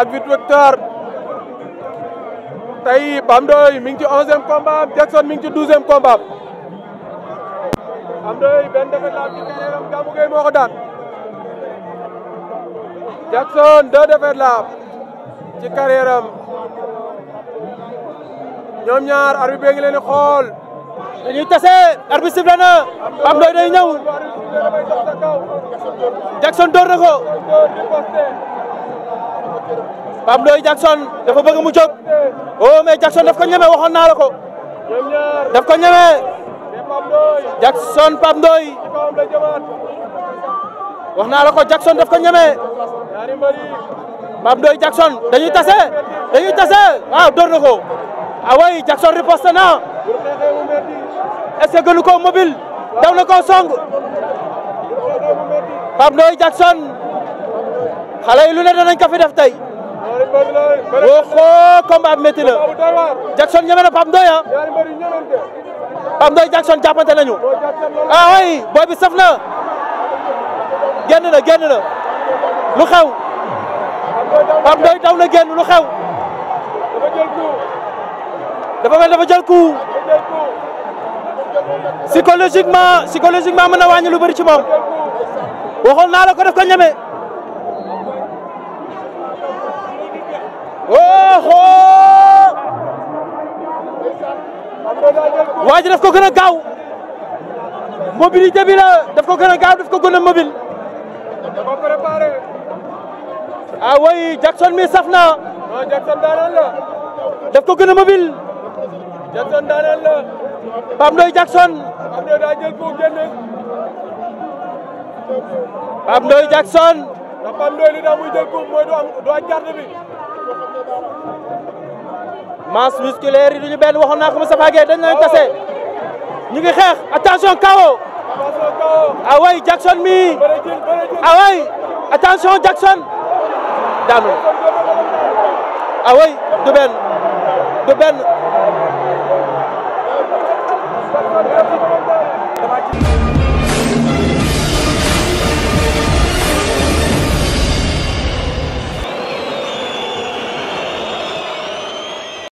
arbitre Victor tey Bam Doy mi ci onzième combat am Jackson mi ngi ci douzième combat am. Bam Doy benn defet la ci carrière-am Gamou moo ko daan Jackson deux defet la ci carrière ñoom ñaar arbitre bi ngi xool. dañuy tase arbitre sifflé na Bam Doy day ñëw Jackson door na ko. Pape Ndoye Jackson dafa bëgg mu jóg oh mais Jackson daf ko ñeme waxoon naa la ko daf ko ñeme Jackson Pape Ndoye wax naa la ko Jackson daf ko ñeme Pape Ndoye Jackson dañuy tase dañuy tase waaw ah, dóor na ko ah way Jackson riposte na est-ce que gënu ko mobile daw na ko song Pape Ndoye Jackson. xale yi lu ne danañ ko fi def tey boo xoo combat métti la Jackson ñeme na Pape Ndoye ah Pape Ndoye Jackson jàppante nañu ah way booy bi na génn na génn na lu xew Pape Ndoye daw na génn lu xew dafa mel dafa jël coup psychologiquement psychologiquement mën na wàññi lu bëri ci moom waxoon naa la ko def ko ñeme. waa ji daf ko gën a gaaw mobilité bi la daf ko gën a gaaw daf ko gën a mobile. ah way Jackson mi saf na. non Jackson daaneel la. daf ko gën a mobile. Jackson daaneel la. Pape Ndoye Jackson. Pape Ndoye daa jël pour génn. Pape Ndoye Jackson. ndax Pape Ndoye li daa muy jël pour mooy du am du am garde bi. masse musculaire yi duñu benn waxoon naa ko Moustapha Gueye dañ leen ñu ngi xeex attention KO ah Jackson mi ah way Jackson daanu ah du benn du benn